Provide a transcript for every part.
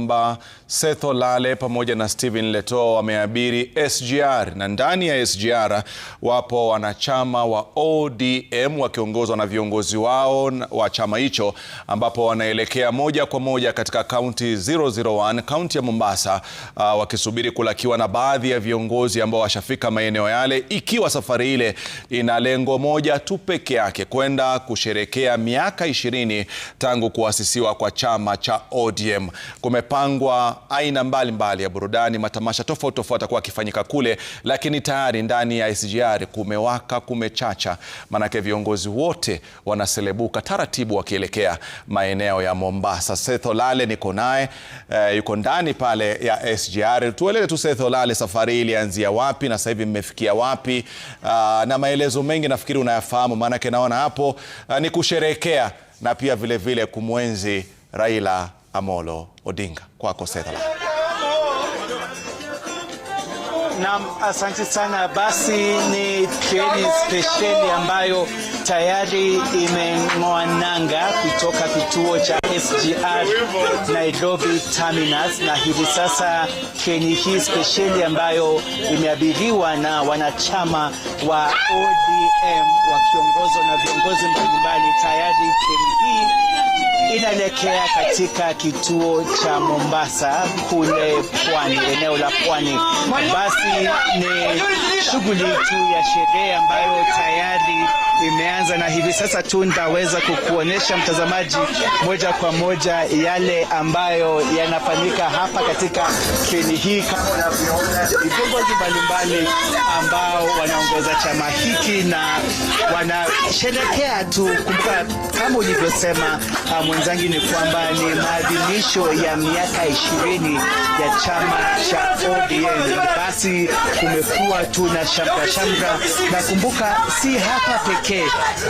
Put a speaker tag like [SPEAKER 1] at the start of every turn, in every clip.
[SPEAKER 1] Mba Seth Lale pamoja na Stephen leto wameabiri SGR na ndani ya SGR wapo wanachama wa ODM wakiongozwa na viongozi wao wa chama hicho, ambapo wanaelekea moja kwa moja katika kaunti 001 kaunti ya Mombasa, uh, wakisubiri kulakiwa na baadhi ya viongozi ambao washafika maeneo yale, ikiwa safari ile ina lengo moja tu peke yake, kwenda kusherekea miaka ishirini tangu kuasisiwa kwa chama cha ODM Kume yamepangwa aina mbalimbali mbali ya burudani, matamasha tofauti tofauti atakuwa akifanyika kule, lakini tayari ndani ya SGR kumewaka, kumechacha, manake viongozi wote wanaselebuka taratibu wakielekea maeneo ya Mombasa. Seth Olale niko naye eh, yuko ndani pale ya SGR. Tueleze tu Seth Olale, safari ilianzia wapi na sasa hivi mmefikia wapi? Uh, na maelezo mengi nafikiri unayafahamu, maanake naona hapo uh, ni kusherekea na pia vilevile kumwenzi Raila Amolo Odinga. Kwako Sethala.
[SPEAKER 2] Naam, asante sana. Basi ni treni spesheli ambayo tayari imeng'oa nanga kutoka kituo cha SGR Nairobi Terminus, na hivi sasa treni hii spesheli ambayo imeabiriwa na wanachama wa ODM wakiongozwa na viongozi mbalimbali, tayari treni hii inaelekea katika kituo cha Mombasa kule pwani, eneo la pwani. Basi ni shughuli tu ya sherehe ambayo tayari imeanza na hivi sasa tu nitaweza kukuonyesha mtazamaji moja kwa moja yale ambayo yanafanyika hapa katika treni hii. Kama unavyoona viongozi mbalimbali ambao wanaongoza chama hiki na wanasherekea tu. Kumbuka kama ulivyosema ah, mwenzangu, ni kwamba ni maadhimisho ya miaka ishirini ya chama cha ODM. Basi kumekuwa tu na shamra shamra, na kumbuka si hapa pekee pekee,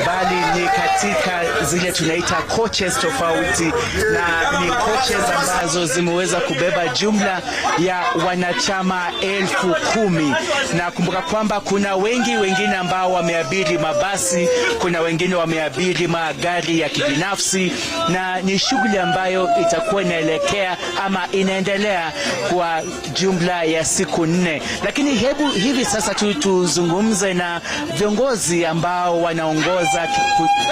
[SPEAKER 2] bali ni katika zile tunaita coaches tofauti, na ni coaches ambazo zimeweza kubeba jumla ya wanachama elfu kumi na kumbuka kwamba kuna wengi wengine ambao wameabiri mabasi, kuna wengine wameabiri magari ya kibinafsi, na ni shughuli ambayo itakuwa inaelekea ama inaendelea kwa jumla ya siku nne, lakini hebu hivi sasa tu tuzungumze na viongozi ambao wanaongoza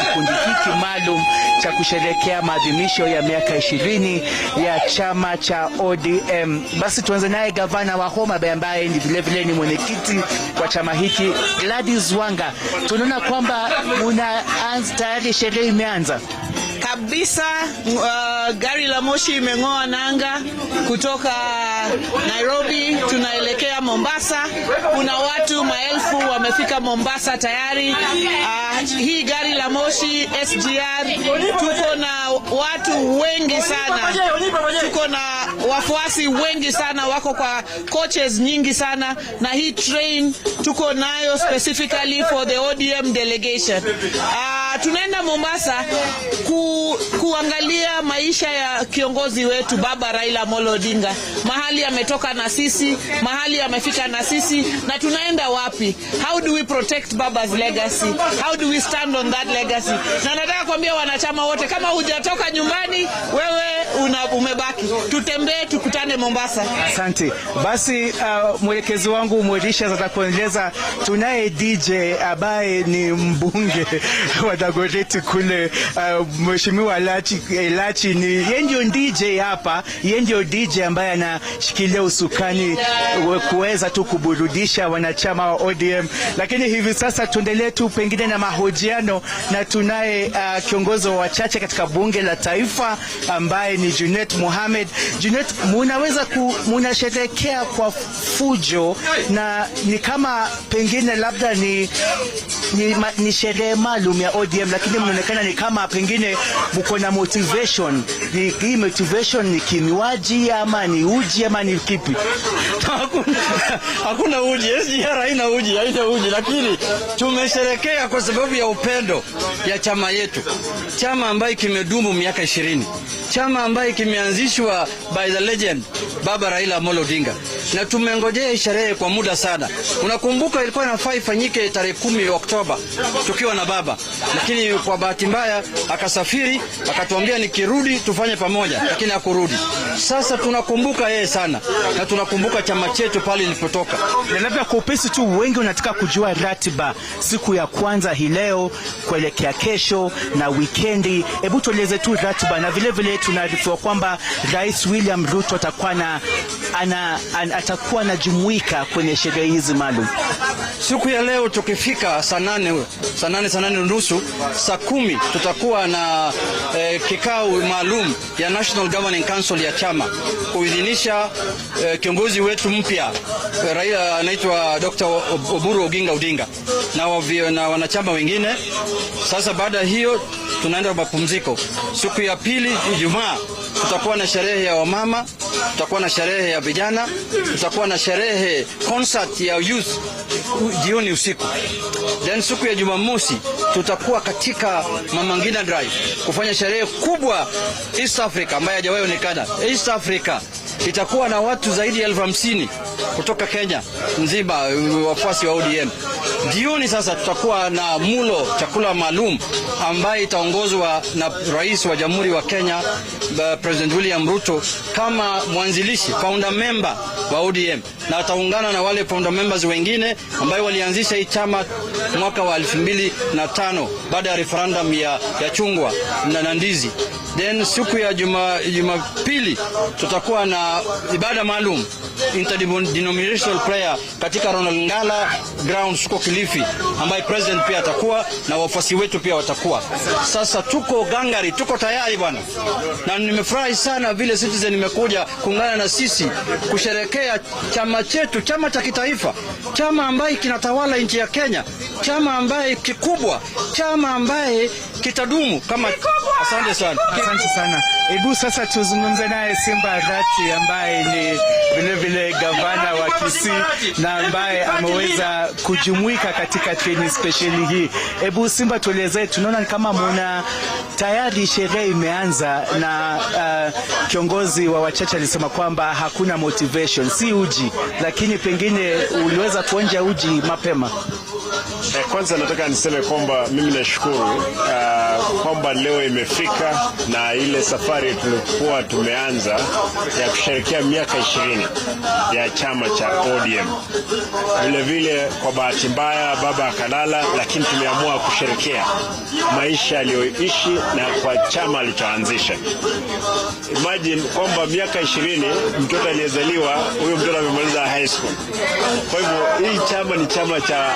[SPEAKER 2] kikundi hiki maalum cha kusherekea maadhimisho ya miaka ishirini ya chama cha ODM. Basi tuanze naye gavana wa Homa Bay ambaye ni vilevile ni mwenyekiti wa chama hiki Gladys Wanga, tunaona kwamba munaanza tayari, sherehe imeanza
[SPEAKER 3] kabisa. Uh, gari la moshi imeng'oa nanga kutoka Nairobi tunaelekea Mombasa. Kuna watu maelfu wamefika Mombasa tayari. Uh, hii gari la moshi SGR, tuko na watu wengi sana, tuko na wafuasi wengi sana, wako kwa coaches nyingi sana, na hii train tuko nayo specifically for the ODM delegation uh, tunaenda Mombasa ku, kuangalia maisha ya kiongozi wetu Baba Raila Amolo Odinga, mahali ametoka na sisi, mahali amefika na sisi, na tunaenda wapi. How do we protect Baba's legacy? How do we stand on that legacy? Na nataka kuambia wanachama wote, kama hujatoka nyumbani wewe una, umebaki, tutembee tukutane Mombasa.
[SPEAKER 2] Asante basi. Uh, mwelekezi wangu mwelisha atakueleza. Tunaye DJ ambaye ni mbunge wa Dagoreti kule, uh, mheshimiwa Lachi, eh, Lachi ni yeye ndio DJ hapa, yeye ndio DJ ambaye anashikilia usukani uh, kuweza tu kuburudisha wanachama wa ODM, lakini hivi sasa tuendelee tu pengine na mahojiano na tunaye uh, kiongozi wa wachache katika bunge la taifa ambaye ni Junet Mohamed. Junet, munaweza ku, munasherekea kwa fujo na ni kama pengine labda ni, ni, ni sherehe maalum ya ODM, lakini mnaonekana ni kama pengine mko na motivation. Ni, hii motivation ni kinywaji ama ni uji ama ni kipi?
[SPEAKER 4] Hakuna uji, SGR haina uji, haina uji, lakini tumesherekea kwa sababu ya upendo ya chama yetu, chama ambayo kimedumu miaka ishirini, chama ambaye kimeanzishwa by the legend Baba Raila Amolo Odinga, na tumengojea sherehe kwa muda sana. Unakumbuka ilikuwa inafaa ifanyike tarehe kumi Oktoba tukiwa na baba, lakini kwa bahati mbaya akasafiri, akatuambia nikirudi tufanye pamoja, lakini hakurudi. Sasa tunakumbuka yeye sana na tunakumbuka chama chetu pale ilipotoka.
[SPEAKER 2] Na labda kwa upesi tu, wengi wanataka kujua ratiba siku ya kwanza hii leo kuelekea kesho na wikendi. Hebu tueleze tu ratiba na vilevile tuna kifua kwamba Rais William Ruto atakuwa na ana, an, atakuwa anajumuika kwenye sherehe hizi maalum
[SPEAKER 4] siku ya leo. Tukifika saa nane saa nane saa nane nusu saa kumi tutakuwa na eh, kikao maalum ya National Governing Council ya chama kuidhinisha eh, kiongozi wetu mpya eh, raia anaitwa Dr. Oburu Oginga Odinga na, na wanachama wengine. Sasa baada ya hiyo tunaenda mapumziko siku ya pili Ijumaa tutakuwa na sherehe ya wamama, tutakuwa na sherehe ya vijana, tutakuwa na sherehe concert ya youth jioni usiku. Then siku ya Jumamosi tutakuwa katika Mama Ngina Drive kufanya sherehe kubwa East Africa ambayo hajawahi onekana East Africa itakuwa na watu zaidi ya elfu hamsini kutoka Kenya nzima, uh, wafuasi wa ODM. Jioni sasa tutakuwa na mulo chakula maalum ambaye itaongozwa na rais wa jamhuri wa Kenya, uh, President William Ruto kama mwanzilishi founder member wa ODM, na ataungana na wale founder members wengine ambayo walianzisha hii chama mwaka wa 2005 baada ya referendum ya, ya chungwa na, na ndizi Then siku ya juma Jumapili tutakuwa na ibada maalum interdenominational prayer katika Ronald Ngala Ground huko Kilifi, ambaye president pia atakuwa na wafuasi wetu pia watakuwa. Sasa tuko gangari, tuko tayari bwana, na nimefurahi sana vile Citizen imekuja kuungana na sisi kusherekea chama chetu, chama cha kitaifa, chama ambaye kinatawala nchi ya Kenya, chama ambaye kikubwa, chama ambaye kitadumu kama. Asante sana,
[SPEAKER 2] asante sana. Hebu sasa tuzungumze naye Simba rati ambaye ni vilevile gavana wa Kisii na ambaye ameweza kujumuika katika treni spesheli hii. Hebu Simba, tuelezee, tunaona kama mna tayari sherehe imeanza na uh, kiongozi wa wachache alisema kwamba hakuna motivation, si uji, lakini pengine uliweza kuonja uji mapema.
[SPEAKER 1] Eh, kwanza nataka niseme kwamba mimi nashukuru uh, kwamba leo imefika, na ile safari tulikuwa tumeanza ya kusherekea miaka ishirini ya chama cha ODM. Vilevile kwa bahati mbaya baba akalala, lakini tumeamua kusherekea maisha aliyoishi na kwa chama alichoanzisha. Imagine kwamba miaka ishirini mtoto aliyezaliwa huyo mtoto amemaliza high school. Kwa hivyo hii chama ni chama cha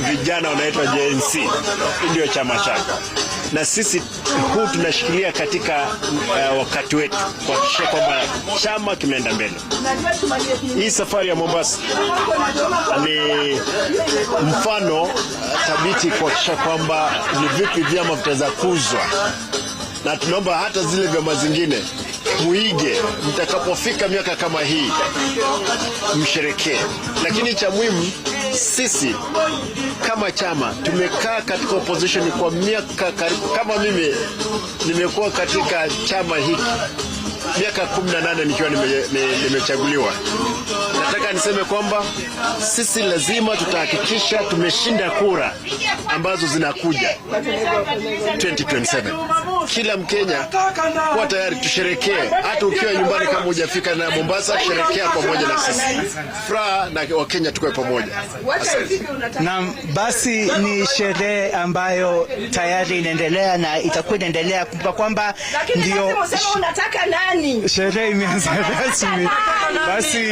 [SPEAKER 1] vijana wanaitwa JNC, ndio chama chake na sisi huu tunashikilia katika uh, wakati wetu kuhakikisha kwamba chama kimeenda mbele. Hii safari ya Mombasa ni mfano eh, thabiti kuhakikisha kwamba ni vipi vyama vitaweza kuzwa, na tunaomba hata zile vyama zingine muige, mtakapofika miaka kama hii msherekee, lakini cha muhimu sisi kama chama tumekaa katika opposition kwa miaka karibu, kama mimi nimekuwa katika chama hiki miaka 18 nikiwa nimechaguliwa nime, nataka niseme kwamba sisi lazima tutahakikisha tumeshinda kura ambazo zinakuja 2027 kila Mkenya kuwa tayari tusherekee, hata ukiwa nyumbani kama hujafika na Mombasa, sherekea pamoja na sisi, furaha na Wakenya tukawe pamoja.
[SPEAKER 2] Naam, basi ni sherehe ambayo tayari inaendelea na itakuwa inaendelea. kwa kwamba ndio sherehe imeanza rasmi. Basi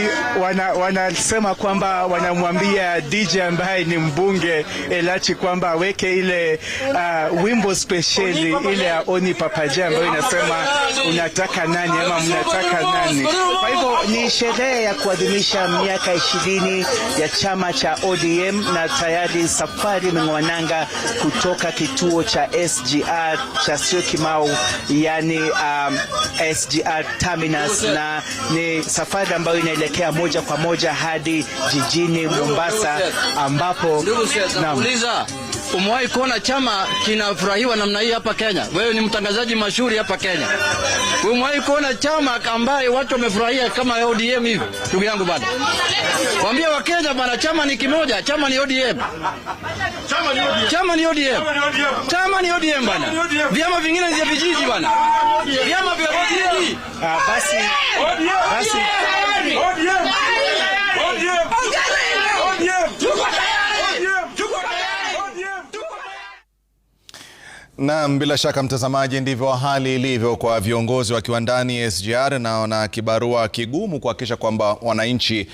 [SPEAKER 2] wanasema wana kwamba wanamwambia DJ ambaye ni mbunge Elachi kwamba aweke ile uh, wimbo spesheli ile ni papaji ambayo inasema unataka nani ama mnataka nani. Kwa hivyo ni sherehe ya kuadhimisha miaka ishirini ya chama cha ODM, na tayari safari mengwananga kutoka kituo cha SGR cha Kimau, yani um, SGR terminus, na ni safari ambayo inaelekea moja kwa moja hadi jijini Mombasa ambapo
[SPEAKER 4] na, Umewahi kuona chama kinafurahiwa namna hii hapa Kenya? Wewe ni mtangazaji mashuhuri hapa Kenya, umewahi kuona chama ambaye watu wamefurahia kama ODM hivi? Ndugu yangu bana, wambia Wakenya bana, chama ni kimoja, chama ni ODM, chama ni ODM, chama ni ODM bwana. vyama vingine vya vijiji bwana. vyama
[SPEAKER 2] vya ODM. Ah, basi
[SPEAKER 1] Naam, bila shaka mtazamaji, ndivyo hali ilivyo kwa viongozi wa kiwandani SGR, na wana kibarua kigumu kuhakikisha kwamba wananchi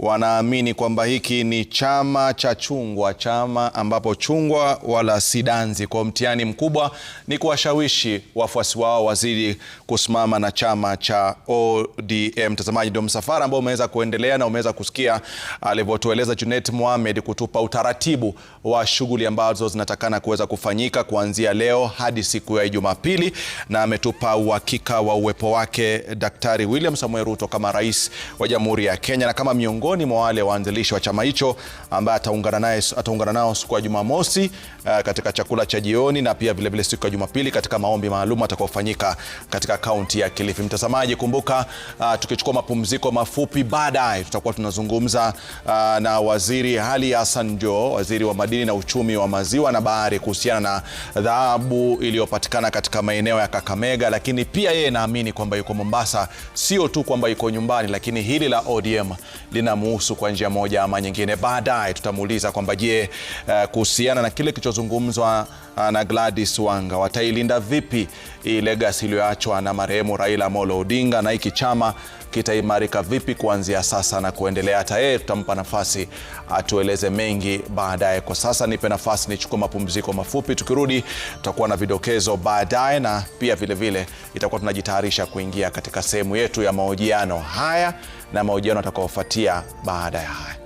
[SPEAKER 1] wanaamini kwamba hiki ni chama cha chungwa, chama ambapo chungwa wala sidanzi Kwa mtihani mkubwa ni kuwashawishi wafuasi wao wazidi kusimama na chama cha ODM. Mtazamaji, ndio msafara ambao umeweza kuendelea na umeweza kusikia alivyotueleza Junet Mohamed kutupa utaratibu wa shughuli ambazo zinatakana kuweza kufanyika kuanzia leo hadi siku ya Jumapili, na ametupa uhakika wa uwepo wake Daktari William Samoei Ruto kama rais wa Jamhuri ya Kenya na kama miongoni miongoni mwa wale waanzilishi wa chama hicho ambaye ataungana, ataungana nao siku ya Jumamosi uh, katika chakula cha jioni na pia vilevile siku ya Jumapili katika maombi maalum atakaofanyika katika kaunti ya Kilifi. Mtazamaji, kumbuka uh, tukichukua mapumziko mafupi baadaye tutakuwa tunazungumza uh, na Waziri Ali Hassan Jo, waziri wa madini na uchumi wa maziwa na bahari kuhusiana na dhahabu iliyopatikana katika maeneo ya Kakamega, lakini pia yeye naamini kwamba yuko Mombasa, sio tu kwamba yuko nyumbani, lakini hili la ODM lina inamuhusu kwa njia moja ama nyingine. Baadaye tutamuuliza kwamba je, uh, kuhusiana na kile kilichozungumzwa eh, na Gladys Wanga, watailinda vipi hii legasi iliyoachwa na marehemu Raila Amolo Odinga, na hiki chama kitaimarika vipi kuanzia sasa na kuendelea? Hata yeye tutampa nafasi atueleze mengi baadaye. Kwa sasa nipe nafasi nichukue mapumziko mafupi, tukirudi tutakuwa na vidokezo baadaye, na pia vilevile itakuwa tunajitayarisha kuingia katika sehemu yetu ya mahojiano haya na mahojiano atakaofuatia baada ya haya.